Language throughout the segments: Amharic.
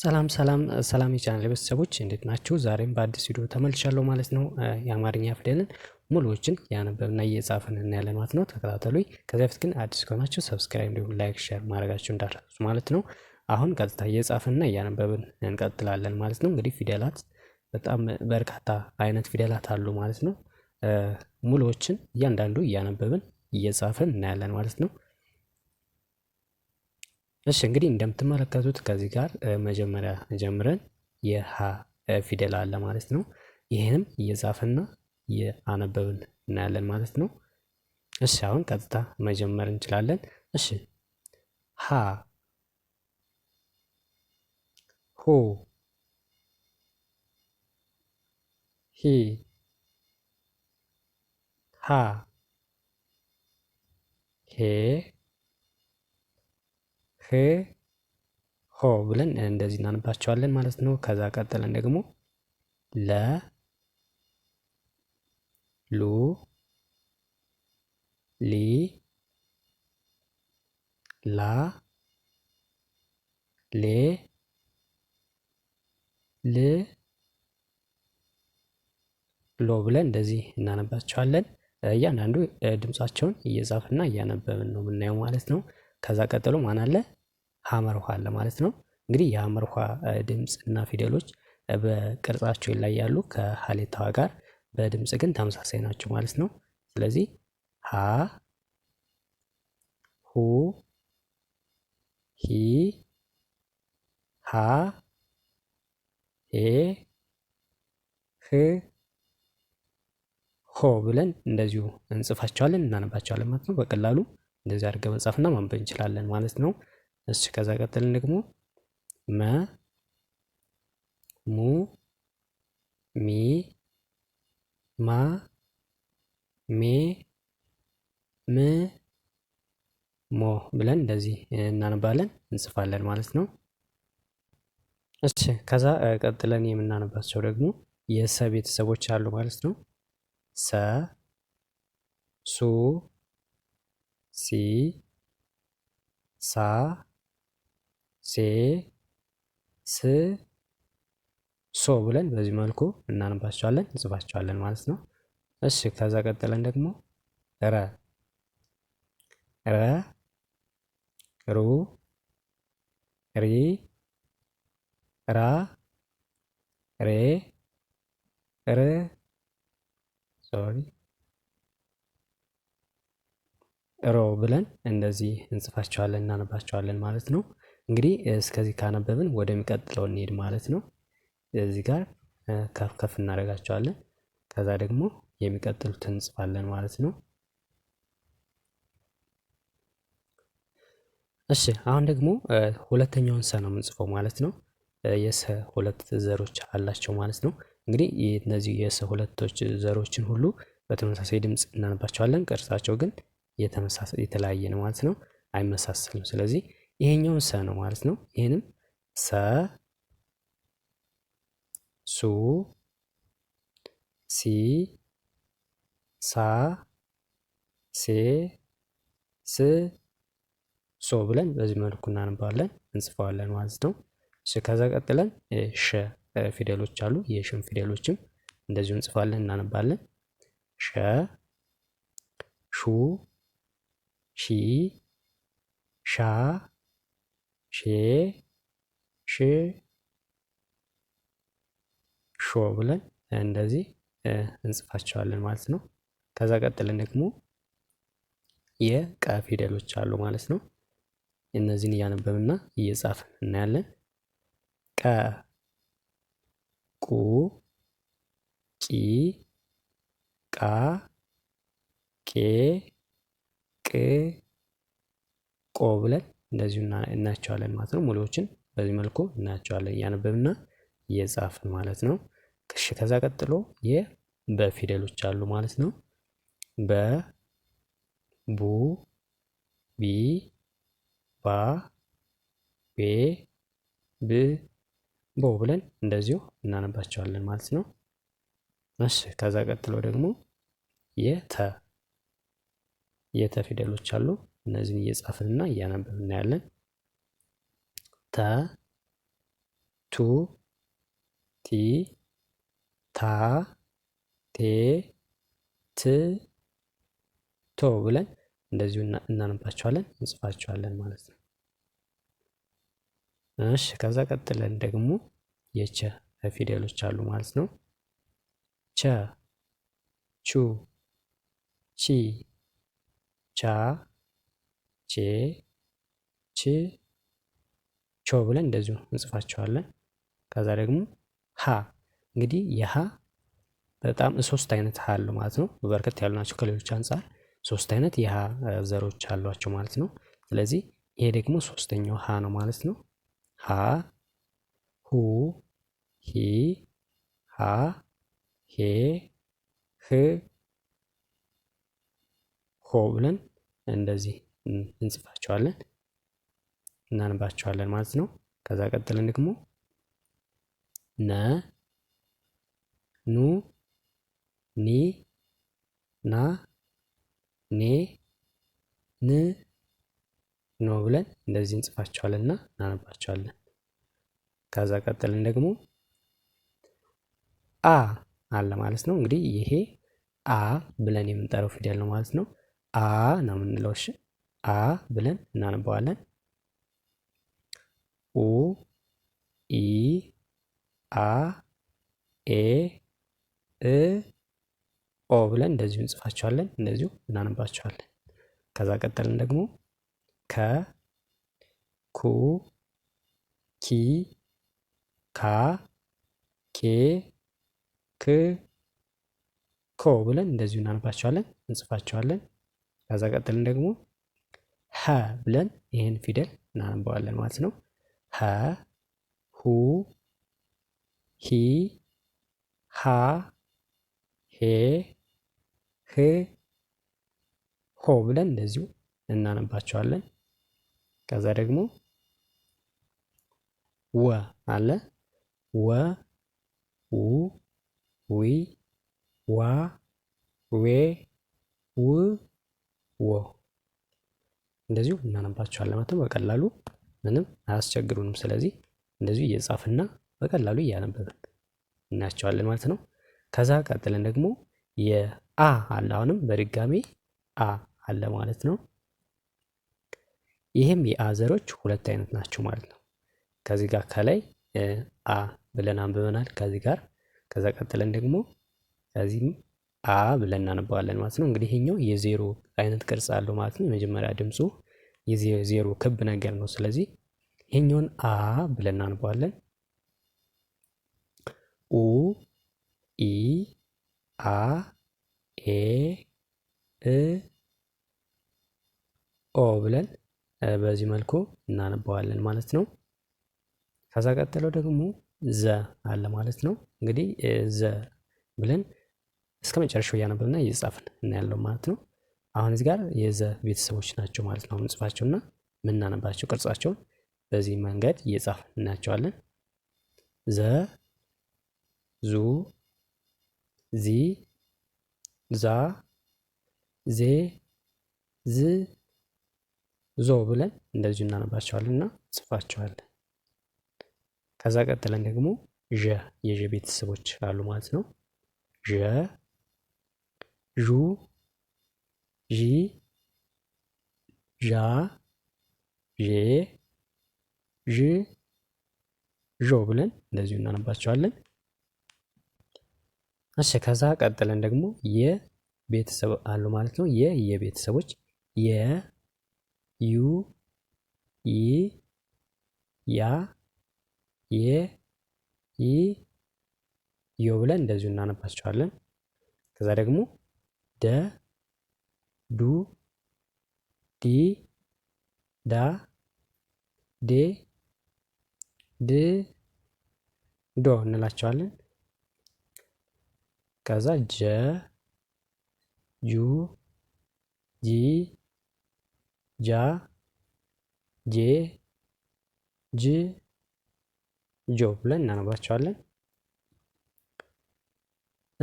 ሰላም ሰላም ሰላም የቻናል ቤተሰቦች እንዴት ናችሁ? ዛሬም በአዲስ ቪዲዮ ተመልሻለሁ ማለት ነው። የአማርኛ ፊደልን ሙሉዎችን ያነበብና እየጻፍን እናያለን ማለት ነው። ተከታተሉኝ። ከዚያ በፊት ግን አዲስ ከሆናችሁ ሰብስክራይብ፣ እንዲሁም ላይክ፣ ሼር ማድረጋችሁ እንዳትረሱ ማለት ነው። አሁን ቀጥታ እየጻፍንና እያነበብን እንቀጥላለን ማለት ነው። እንግዲህ ፊደላት በጣም በርካታ አይነት ፊደላት አሉ ማለት ነው። ሙሉዎችን እያንዳንዱ እያነበብን እየጻፍን እናያለን ማለት ነው። እሺ እንግዲህ እንደምትመለከቱት ከዚህ ጋር መጀመሪያ ጀምረን የሀ ፊደል አለ ማለት ነው። ይህንም እየጻፍና የአነበብን እናያለን ማለት ነው። እሺ አሁን ቀጥታ መጀመር እንችላለን። እሺ ሀ ሁ ሂ ሀ ሄ ህ ሆ ብለን እንደዚህ እናነባቸዋለን ማለት ነው። ከዛ ቀጥለን ደግሞ ለ ሉ ሊ ላ ሌ ል ሎ ብለን እንደዚህ እናነባቸዋለን። እያንዳንዱ ድምፃቸውን እየጻፍና እያነበብን ነው የምናየው ማለት ነው። ከዛ ቀጥሎ ማን አለ? ሀመር ውሃ አለ ማለት ነው። እንግዲህ የሀመር ውሃ ድምፅ እና ፊደሎች በቅርጻቸው ይለያሉ ከሀሌታዋ ጋር በድምፅ ግን ተመሳሳይ ናቸው ማለት ነው። ስለዚህ ሀ ሁ ሂ ሃ ሄ ህ ሆ ብለን እንደዚሁ እንጽፋቸዋለን እናነባቸዋለን ማለት ነው። በቀላሉ እንደዚህ አድርገን መጻፍና ማንበብ እንችላለን ማለት ነው። እሺ ከዛ ቀጥልን ደግሞ መ ሙ ሚ ማ ሜ ም ሞ ብለን እንደዚህ እናነባለን እንጽፋለን ማለት ነው። እሺ ከዛ ቀጥለን የምናነባቸው ደግሞ የሰ ቤተሰቦች አሉ ማለት ነው። ሰ ሱ ሲ ሳ ሴ ስ ሶ ብለን በዚህ መልኩ እናነባቸዋለን እንጽፋቸዋለን ማለት ነው። እሺ ከዛ ቀጥለን ደግሞ ረ ረ ሩ ሪ ራ ሬ ር ሶሪ ሮ ብለን እንደዚህ እንጽፋቸዋለን እናነባቸዋለን ማለት ነው። እንግዲህ እስከዚህ ካነበብን ወደሚቀጥለው እንሄድ ማለት ነው። እዚህ ጋር ከፍ ከፍ እናደርጋቸዋለን ከዛ ደግሞ የሚቀጥሉት እንጽፋለን ማለት ነው። እሺ አሁን ደግሞ ሁለተኛውን ሰ ነው የምንጽፈው ማለት ነው። የሰ ሁለት ዘሮች አላቸው ማለት ነው። እንግዲህ እነዚህ የሰ ሁለቶች ዘሮችን ሁሉ በተመሳሳይ ድምፅ እናነባቸዋለን። ቅርጻቸው ግን የተለያየ ነው ማለት ነው፣ አይመሳሰልም። ስለዚህ ይሄኛውን ሰ ነው ማለት ነው። ይሄንም ሰ ሱ ሲ ሳ ሴ ስ ሶ ብለን በዚህ መልኩ እናንባለን እንጽፈዋለን ማለት ነው። ከዛ ቀጥለን ሸ ፊደሎች አሉ። የሽን ፊደሎችም እንደዚሁ እንጽፋለን እናነባለን። ሸ ሹ ሺ ሻ ሼ ሽ ሾ ብለን እንደዚህ እንጽፋቸዋለን ማለት ነው። ከዛ ቀጥለን ደግሞ የቀ ፊደሎች አሉ ማለት ነው። እነዚህን እያነበብና እየጻፍን እናያለን። ቀ ቁ ቂ ቃ ቄ ቅ ቆ ብለን እንደዚሁ እናያቸዋለን ማለት ነው። ሙሉዎችን በዚህ መልኩ እናያቸዋለን እያነበብና እየጻፍን ማለት ነው። ቅሽ ከዛ ቀጥሎ የበፊደሎች አሉ ማለት ነው። በ ቡ ቢ ባ ቤ ብ ቦ ብለን እንደዚሁ እናነባቸዋለን ማለት ነው። እሺ ከዛ ቀጥሎ ደግሞ የተ የተ ፊደሎች አሉ እነዚህን እየጻፍንና እያነበብ እናያለን። ተ ቱ ቲ ታ ቴ ት ቶ ብለን እንደዚሁ እናነባቸዋለን እንጽፋቸዋለን ማለት ነው። እሺ ከዛ ቀጥለን ደግሞ የቸ ፊደሎች አሉ ማለት ነው። ቸ ቹ ቺ ቻ ቼ ች ቾ ብለን እንደዚሁ እንጽፋቸዋለን። ከዛ ደግሞ ሀ እንግዲህ የሀ በጣም ሶስት አይነት ሀ አሉ ማለት ነው። በርከት ያሉ ናቸው ከሌሎች አንጻር ሶስት አይነት የሀ ዘሮች አሏቸው ማለት ነው። ስለዚህ ይሄ ደግሞ ሶስተኛው ሀ ነው ማለት ነው። ሀ ሁ ሂ ሀ፣ ሄ ህ ሆ ብለን እንደዚህ እንጽፋቸዋለን እናንባቸዋለን ማለት ነው። ከዛ ቀጥለን ደግሞ ነ ኑ ኒ ና ኔ ን ኖ ብለን እንደዚህ እንጽፋቸዋለን እና እናነባቸዋለን። ከዛ ቀጥለን ደግሞ አ አለ ማለት ነው። እንግዲህ ይሄ አ ብለን የምንጠራው ፊደል ነው ማለት ነው። አ ነው የምንለው። እሺ አ ብለን እናነባዋለን። ኡ ኢ አ ኤ እ ኦ ብለን እንደዚሁ እንጽፋቸዋለን። እንደዚሁ እናነባቸዋለን። ከዛ ቀጠልን ደግሞ ከ ኩ ኪ ካ ኬ ክ ኮ ብለን እንደዚሁ እናነባቸዋለን፣ እንጽፋቸዋለን። ከዛ ቀጥልን ደግሞ ሀ ብለን ይህን ፊደል እናነበዋለን ማለት ነው። ሀ ሁ ሂ ሃ ሄ ህ ሆ ብለን እንደዚሁ እናነባቸዋለን። ከዛ ደግሞ ወ አለ ወ ው ዊ ዋ ዌ ው ወ እንደዚሁ እናነባቸዋለን ማለት ነው። በቀላሉ ምንም አያስቸግሩንም። ስለዚህ እንደዚሁ እየጻፍና በቀላሉ እያነበብን እናያቸዋለን ማለት ነው። ከዛ ቀጥለን ደግሞ የአ አለ አሁንም በድጋሚ አ አለ ማለት ነው። ይህም የአ ዘሮች ሁለት አይነት ናቸው ማለት ነው። ከዚህ ጋር ከላይ አ ብለን አንብበናል ከዚህ ጋር ከዛ ቀጥለን ደግሞ ከዚህም አ ብለን እናነባዋለን ማለት ነው። እንግዲህ ይሄኛው የዜሮ አይነት ቅርጽ አለው ማለት ነው። የመጀመሪያ ድምፁ የዜሮ ክብ ነገር ነው። ስለዚህ ይሄኛውን አ ብለን እናነባዋለን። ኡ ኢ አ ኤ እ ኦ ብለን በዚህ መልኩ እናነባዋለን ማለት ነው። ከዛ ቀጥለው ደግሞ ዘ አለ ማለት ነው። እንግዲህ ዘ ብለን እስከ መጨረሻው እያነበብና እየጻፍን እናያለው ማለት ነው። አሁን እዚህ ጋር የዘ ቤተሰቦች ናቸው ማለት ነው። ምንጽፋቸው እና ምናነባቸው ቅርጻቸውን በዚህ መንገድ እየጻፍን እናያቸዋለን። ዘ ዙ ዚ ዛ ዜ ዝ ዞ ብለን እንደዚሁ እናነባቸዋለን እና ጽፋቸዋለን። ከዛ ቀጥለን ደግሞ ዠ የዠ ቤተሰቦች አሉ ማለት ነው። ዠ ዡ ዢ ዣ ዤ ዥ ዦ ብለን እንደዚሁ እናነባቸዋለን። እሺ ከዛ ቀጥለን ደግሞ የቤተሰብ አሉ ማለት ነው። የ የቤተሰቦች የ ዩ ይ ያ የ ይ ዮ ብለን እንደዚሁ እናነባቸዋለን። ከዛ ደግሞ ደ ዱ ዲ ዳ ዴ ድ ዶ እንላቸዋለን። ከዛ ጀ ጁ ጂ ጃ ጄ ጅ ጆ ብለን እናነባቸዋለን።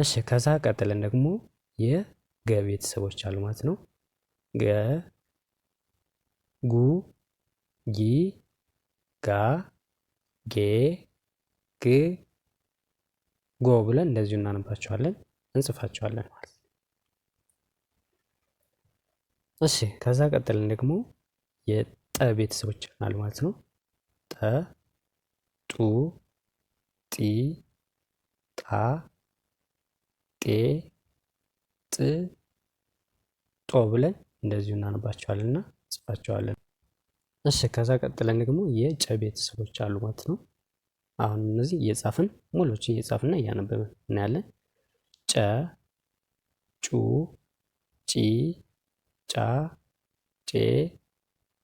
እሺ ከዛ ቀጥለን ደግሞ የ ገ ቤተሰቦች አሉ ማለት ነው። ገ ጉ ጊ ጋ ጌ ግ ጎ ብለን እንደዚሁ እናነባቸዋለን እንጽፋቸዋለን ማለት ነው። እሺ ከዛ ቀጥለን ደግሞ የጠ ቤተሰቦች አሉ ማለት ነው። ጠ ጡ ጢ ጣ ጤ ጥ ጦ ብለን እንደዚሁ እናነባቸዋለን እና ጽፋቸዋለን። እሺ ከዛ ቀጥለን ደግሞ የጨ ቤተሰቦች አሉ ማለት ነው። አሁን እነዚህ እየጻፍን ሙሎችን እየጻፍና እያነበብን እናያለን። ጨ ጩ ጪ ጫ ጬ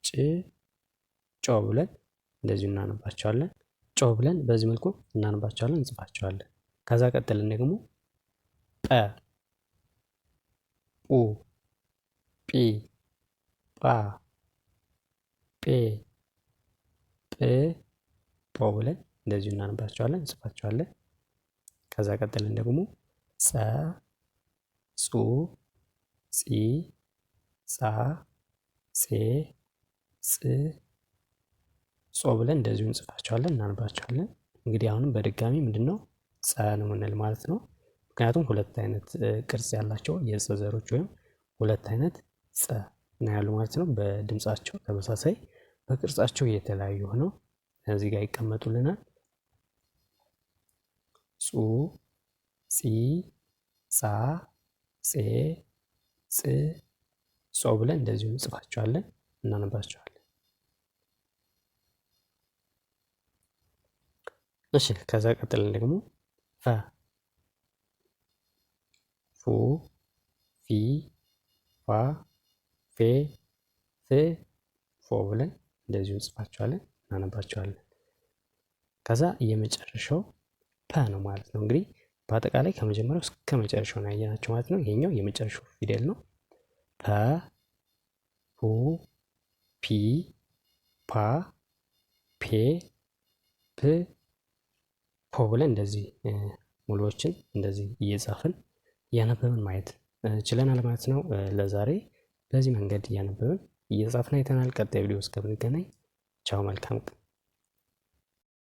ጭ ጮ ብለን እንደዚሁ እናነባቸዋለን። ጮ ብለን በዚህ መልኩ እናነባቸዋለን፣ እንጽፋቸዋለን። ከዛ ቀጥለን ደግሞ ጠ። ኡ ጲ ጳ ጴ ጵ ጶ ብለን እንደዚሁ እናነባቸዋለን እንጽፋቸዋለን። ከዛ ቀጥለን ደግሞ ጸ ጹ ጺ ጻ ጼ ጽ ጾ ብለን እንደዚሁ እንጽፋቸዋለን እናነባቸዋለን። እንግዲህ አሁንም በድጋሚ ምንድን ነው ጸ ነው ምንል ማለት ነው። ምክንያቱም ሁለት አይነት ቅርጽ ያላቸው የፀ ዘሮች ወይም ሁለት አይነት ፀ ነው ያሉ ማለት ነው። በድምፃቸው ተመሳሳይ በቅርጻቸው የተለያዩ ሆነው እዚህ ጋር ይቀመጡልናል። ጹ፣ ጺ፣ ጻ፣ ጼ፣ ጽ፣ ጾ ብለን እንደዚሁ እንጽፋቸዋለን፣ እናነባቸዋለን። እሺ ከዛ ቀጥለን ደግሞ ፈ ፉ ፊ ፋ ፌ ፍ ፎ ብለን እንደዚሁ እንጽፋቸዋለን እናነባቸዋለን። ከዛ የመጨረሻው ፐ ነው ማለት ነው። እንግዲህ በአጠቃላይ ከመጀመሪያው እስከ መጨረሻው ነው ያየናቸው ማለት ነው። ይሄኛው የመጨረሻው ፊደል ነው። ፐ ፑ ፒ ፓ ፔ ፕ ፖ ብለን እንደዚህ ሙሉዎችን እንደዚህ እየጻፍን እያነበብን ማየት ችለናል ማለት ነው። ለዛሬ በዚህ መንገድ እያነበብን እየጻፍን አይተናል። ቀጣይ ቪዲዮ እስከምንገናኝ ቻው፣ መልካም